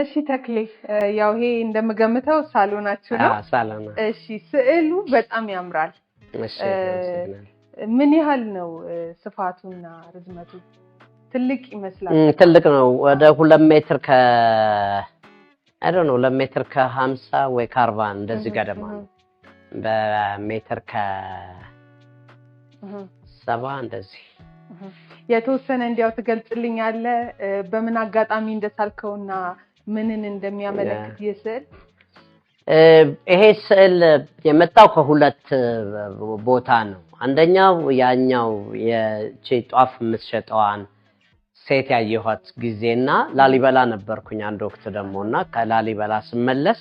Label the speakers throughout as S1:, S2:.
S1: እሺ ተክሌ፣ ያው ይሄ እንደምገምተው ሳሎናችሁ
S2: ነው። ሳሎና።
S1: እሺ፣ ስዕሉ በጣም ያምራል። ምን ያህል ነው ስፋቱና ርዝመቱ? ትልቅ ይመስላል።
S2: ትልቅ ነው። ወደ ሁለት ሜትር ከ አይ ዶንት ኖ ሁለት ሜትር ከሀምሳ ወይ ከአርባ እንደዚህ ገደማ ነው። በሜትር ከሰባ እንደዚህ
S1: የተወሰነ እንዲያው ትገልጽልኛለህ በምን አጋጣሚ እንደሳልከውና ምንን እንደሚያመለክት ይህ
S2: ይሄ ስዕል የመጣው ከሁለት ቦታ ነው። አንደኛው ያኛው የቺ ጧፍ የምትሸጠዋን ሴት ያየኋት ጊዜና ላሊበላ ነበርኩኝ አንድ ወቅት ደግሞ እና ከላሊበላ ስመለስ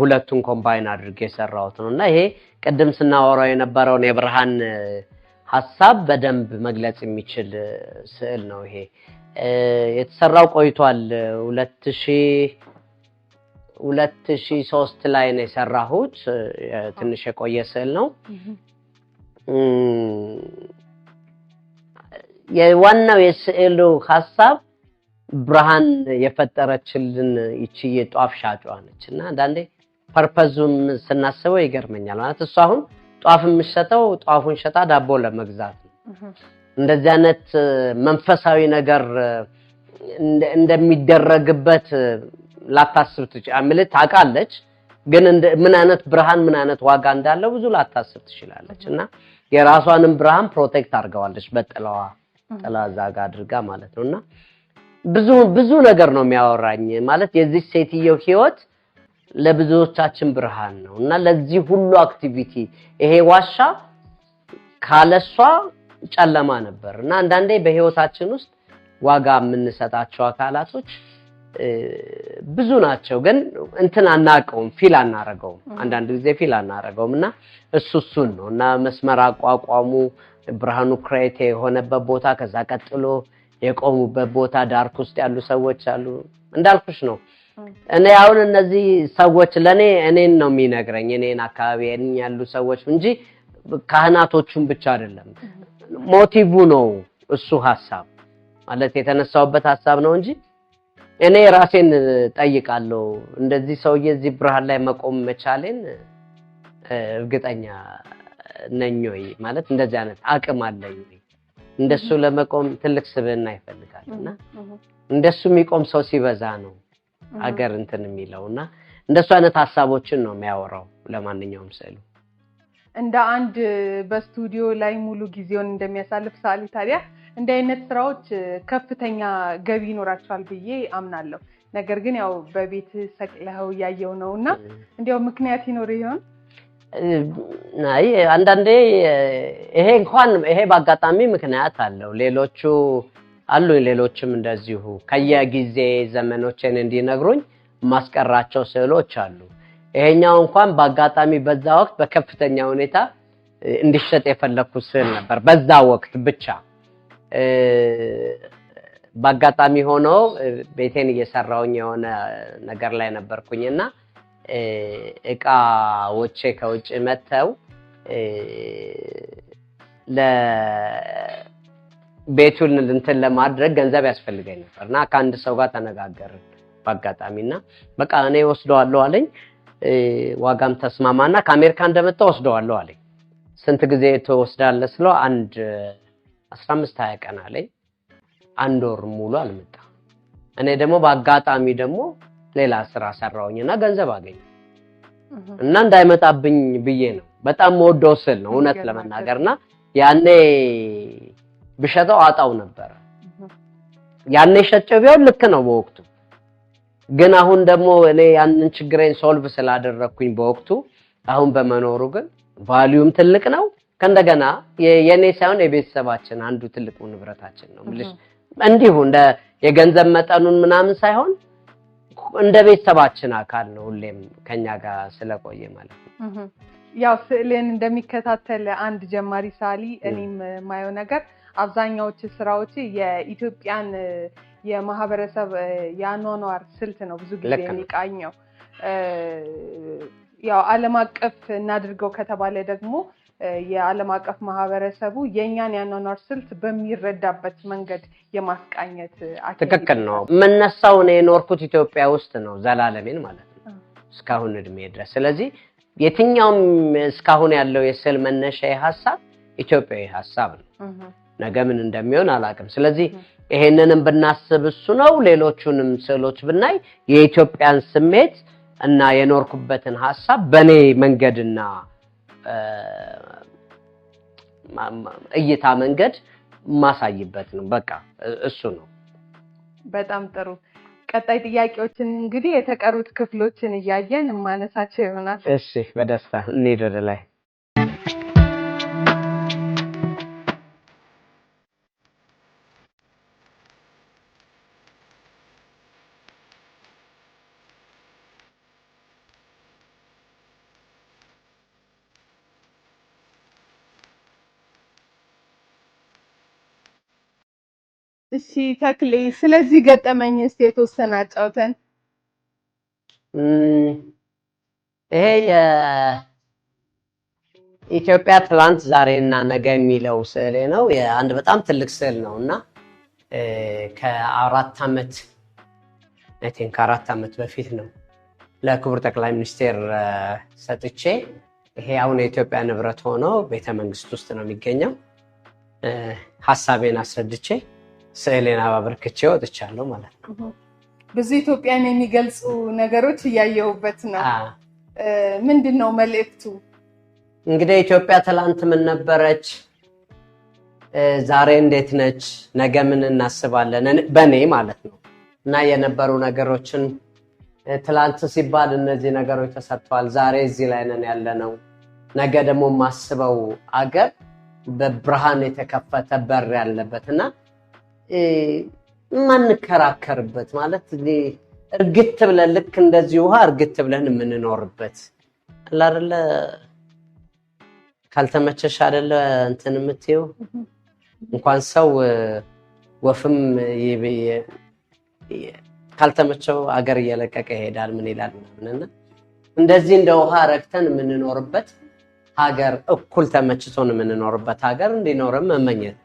S2: ሁለቱን ኮምባይን አድርጌ የሰራሁት ነው እና ይሄ ቅድም ስናወራው የነበረውን የብርሃን ሀሳብ በደንብ መግለጽ የሚችል ስዕል ነው ይሄ የተሰራው ቆይቷል። ሁለት ሺህ ሁለት ሺህ ሶስት ላይ ነው የሰራሁት። ትንሽ የቆየ ስዕል ነው። የዋናው የስዕሉ ሀሳብ ብርሃን የፈጠረችልን ይቺ የጧፍ ሻጯ ነች እና አንዳንዴ ፐርፐዙም ስናስበው ይገርመኛል። ማለት እሱ አሁን ጧፍ የምሸጠው ጧፉን ሸጣ ዳቦ ለመግዛት ነው እንደዚህ አይነት መንፈሳዊ ነገር እንደሚደረግበት ላታስብ ትችላለች፣ ታውቃለች። ግን ምን አይነት ብርሃን ምን አይነት ዋጋ እንዳለው ብዙ ላታስብ ትችላለች። እና የራሷንም ብርሃን ፕሮቴክት አድርገዋለች በጥላዋ ጥላ እዛ ጋ አድርጋ ማለት ነው። እና ብዙ ብዙ ነገር ነው የሚያወራኝ ማለት የዚህ ሴትየው ህይወት ለብዙዎቻችን ብርሃን ነው እና ለዚህ ሁሉ አክቲቪቲ ይሄ ዋሻ ካለሷ ጨለማ ነበር እና አንዳንዴ በህይወታችን ውስጥ ዋጋ የምንሰጣቸው አካላቶች ብዙ ናቸው፣ ግን እንትን አናቀውም፣ ፊል አናረገውም። አንዳንድ ጊዜ ፊል አናረገውም እና እሱ እሱን ነው እና መስመር አቋቋሙ ብርሃኑ ክሬቴ የሆነበት ቦታ ከዛ ቀጥሎ የቆሙበት ቦታ ዳርክ ውስጥ ያሉ ሰዎች አሉ። እንዳልኩሽ ነው እኔ አሁን እነዚህ ሰዎች ለእኔ እኔን ነው የሚነግረኝ እኔን አካባቢ ያሉ ሰዎች እንጂ ካህናቶቹን ብቻ አይደለም። ሞቲቭ ነው እሱ ሀሳብ ማለት የተነሳውበት ሀሳብ ነው እንጂ እኔ ራሴን ጠይቃለሁ። እንደዚህ ሰውዬ እዚህ ብርሃን ላይ መቆም መቻሌን እርግጠኛ ነኝ ወይ ማለት እንደዚህ አይነት አቅም አለኝ ወይ? እንደሱ ለመቆም ትልቅ ስብዕና ይፈልጋል እና እንደሱ የሚቆም ሰው ሲበዛ ነው አገር እንትን የሚለው እና እንደሱ አይነት ሀሳቦችን ነው የሚያወራው ለማንኛውም ስዕሉ
S1: እንደ አንድ በስቱዲዮ ላይ ሙሉ ጊዜውን እንደሚያሳልፍ ሰዓሊ ታዲያ እንዲህ አይነት ስራዎች ከፍተኛ ገቢ ይኖራቸዋል ብዬ አምናለሁ። ነገር ግን ያው በቤት ሰቅለኸው እያየው ነው እና እንዲያው ምክንያት ይኖር ይሆን?
S2: አይ አንዳንዴ ይሄ እንኳን ይሄ በአጋጣሚ ምክንያት አለው። ሌሎቹ አሉኝ ሌሎችም እንደዚሁ ከየጊዜ ዘመኖችን እንዲነግሩኝ ማስቀራቸው ስዕሎች አሉ። ይሄኛው እንኳን በአጋጣሚ በዛ ወቅት በከፍተኛ ሁኔታ እንዲሸጥ የፈለግኩት ስዕል ነበር። በዛ ወቅት ብቻ በአጋጣሚ ሆኖ ቤቴን እየሰራውኝ የሆነ ነገር ላይ ነበርኩኝና እቃዎቼ ከውጭ መጥተው ቤቱን እንትን ለማድረግ ገንዘብ ያስፈልገኝ ነበር እና ከአንድ ሰው ጋር ተነጋገርን። በአጋጣሚና በቃ እኔ ወስደዋለሁ አለኝ። ዋጋም ተስማማና ከአሜሪካ እንደመጣ ወስደዋለሁ አለኝ። ስንት ጊዜ ትወስዳለ ስለው አንድ አስራ አምስት ሀያ ቀን አለኝ። አንድ ወር ሙሉ አልመጣ። እኔ ደግሞ በአጋጣሚ ደግሞ ሌላ ስራ ሰራሁኝና ገንዘብ አገኘ እና እንዳይመጣብኝ ብዬ ነው። በጣም መወደው ስል ነው እውነት ለመናገርና ያኔ ብሸጠው አጣው ነበረ። ያኔ ሸጨ ቢሆን ልክ ነው በወቅቱ ግን አሁን ደግሞ እኔ ያንን ችግሬን ሶልቭ ስላደረግኩኝ በወቅቱ አሁን በመኖሩ ግን ቫሊዩም ትልቅ ነው። ከእንደገና የእኔ ሳይሆን የቤተሰባችን አንዱ ትልቁ ንብረታችን ነው የምልሽ። እንዲሁ እንደ የገንዘብ መጠኑን ምናምን ሳይሆን እንደ ቤተሰባችን አካል ነው ሁሌም ከኛ ጋር ስለቆየ ማለት ነው።
S1: ያው ስዕልን እንደሚከታተል አንድ ጀማሪ ሳሊ እኔም ማየው ነገር አብዛኛዎች ስራዎች የኢትዮጵያን የማህበረሰብ የአኗኗር ስልት ነው ብዙ ጊዜ የሚቃኘው። ያው ዓለም አቀፍ እናድርገው ከተባለ ደግሞ የዓለም አቀፍ ማህበረሰቡ የእኛን የአኗኗር ስልት በሚረዳበት መንገድ የማስቃኘት
S2: ትክክል ነው። የምነሳው ነው የኖርኩት ኢትዮጵያ ውስጥ ነው ዘላለሜን ማለት ነው እስካሁን እድሜ ድረስ። ስለዚህ የትኛውም እስካሁን ያለው የስዕል መነሻ ሀሳብ ኢትዮጵያዊ ሀሳብ ነው። ነገ ምን እንደሚሆን አላውቅም። ስለዚህ ይሄንንም ብናስብ እሱ ነው። ሌሎቹንም ስዕሎች ብናይ የኢትዮጵያን ስሜት እና የኖርኩበትን ሀሳብ በእኔ መንገድና እይታ መንገድ ማሳይበት ነው። በቃ እሱ ነው።
S1: በጣም ጥሩ። ቀጣይ ጥያቄዎችን እንግዲህ የተቀሩት ክፍሎችን እያየን ማነሳቸው ይሆናል።
S2: እሺ፣ በደስታ እንሂድ ወደ ላይ።
S1: እሺ ተክሌ፣ ስለዚህ ገጠመኝ እስቲ የተወሰነ አጫውተን።
S2: ይሄ የኢትዮጵያ ትላንት ዛሬና ነገ የሚለው ስዕሌ ነው። አንድ በጣም ትልቅ ስዕል ነው እና ከአራት ዓመት ቲን ከአራት ዓመት በፊት ነው ለክቡር ጠቅላይ ሚኒስቴር ሰጥቼ ይሄ አሁን የኢትዮጵያ ንብረት ሆኖ ቤተመንግስት ውስጥ ነው የሚገኘው። ሀሳቤን አስረድቼ ስዕሌን አባብርክቼ ወጥቻለሁ ማለት ነው።
S1: ብዙ ኢትዮጵያን የሚገልጹ ነገሮች እያየሁበት ነው። ምንድን ነው መልእክቱ?
S2: እንግዲህ ኢትዮጵያ ትላንት ምን ነበረች? ዛሬ እንዴት ነች? ነገ ምን እናስባለን? በእኔ ማለት ነው እና የነበሩ ነገሮችን ትላንት ሲባል እነዚህ ነገሮች ተሰርተዋል። ዛሬ እዚህ ላይ ነን ያለነው። ነገ ደግሞ የማስበው አገር በብርሃን የተከፈተ በር ያለበት እና የማንከራከርበት ማለት እርግት ብለን ልክ እንደዚህ ውሃ እርግት ብለን የምንኖርበት አይደለ። ካልተመቸሽ አይደለ እንትን የምትይው እንኳን ሰው ወፍም ካልተመቸው አገር እየለቀቀ ይሄዳል። ምን ይላል ምናምንና እንደዚህ እንደ ውሃ ረግተን የምንኖርበት ሀገር፣ እኩል ተመችቶን የምንኖርበት ሀገር እንዲኖርም መመኘት